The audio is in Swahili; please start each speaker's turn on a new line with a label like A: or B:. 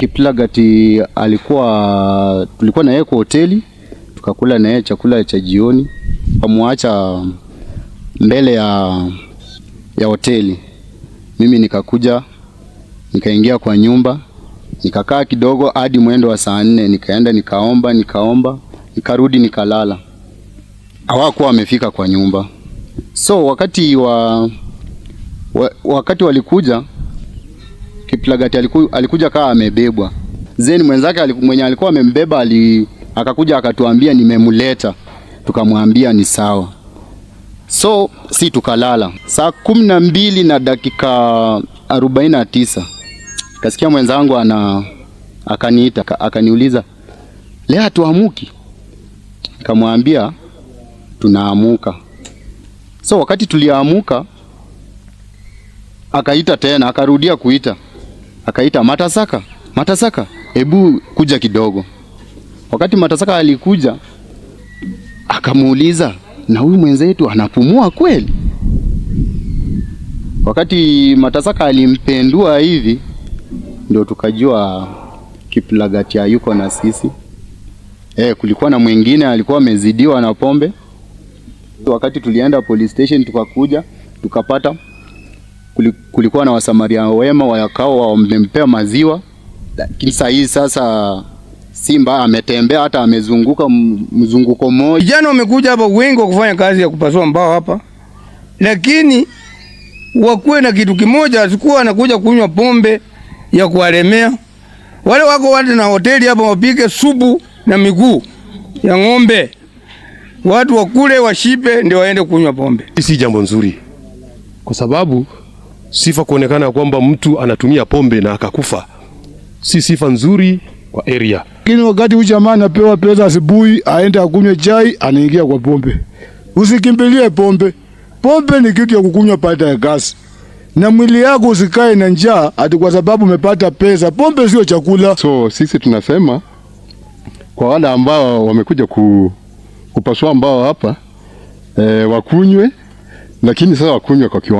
A: Kiplagati alikuwa, tulikuwa na yeye kwa hoteli tukakula na yeye chakula cha jioni, kamwacha mbele ya, ya hoteli. Mimi nikakuja nikaingia kwa nyumba nikakaa kidogo hadi mwendo wa saa nne, nikaenda nikaomba nikaomba nikarudi nikalala. Hawakuwa wamefika kwa nyumba, so wakati wa, wa wakati walikuja kiplagati aliku, alikuja kaa amebebwa, zeni mwenzake aliku, mwenye alikuwa amembeba ali, akakuja akatuambia nimemuleta tukamwambia ni sawa, so si tukalala. Saa kumi na mbili na dakika arobaini na tisa kasikia mwenzangu ana akaniita akaniuliza, leo hatuamuki? Nikamwambia tunaamuka. So wakati tuliamuka, akaita tena, akarudia kuita akaita Matasaka, Matasaka, hebu kuja kidogo. Wakati Matasaka alikuja akamuuliza, na huyu mwenzetu anapumua kweli? Wakati Matasaka alimpendua hivi, ndio tukajua Kiplagati yuko na sisi. E, kulikuwa na mwingine alikuwa amezidiwa na pombe. Wakati tulienda police station, tukakuja tukapata kulikuwa na Wasamaria wema wakao wamempea maziwa, lakini saa hii sasa simba ametembea hata amezunguka mzunguko mmoja.
B: Vijana wamekuja hapa wengi wa kufanya kazi ya kupasua mbao hapa, lakini wakuwe na kitu kimoja, asikuwa anakuja kunywa pombe ya kuwalemea. Wale wako watu na hoteli hapa wapike supu na miguu ya ng'ombe, watu wakule washipe, ndio waende kunywa pombe.
C: Si jambo nzuri kwa sababu sifa kuonekana kwamba mtu anatumia pombe na akakufa, si sifa nzuri kwa area.
D: Lakini wakati huyu jamaa anapewa pesa asubuhi, aende akunywe chai, anaingia kwa pombe. Usikimbilie pombe, pombe ni kitu ya kukunywa baada ya kazi, na mwili yako usikae na njaa ati kwa sababu umepata pesa. Pombe sio chakula.
A: So sisi tunasema kwa wale ambao wamekuja ku, kupasua ambao hapa e, wakunywe, lakini sasa wakunywe kwa kiwango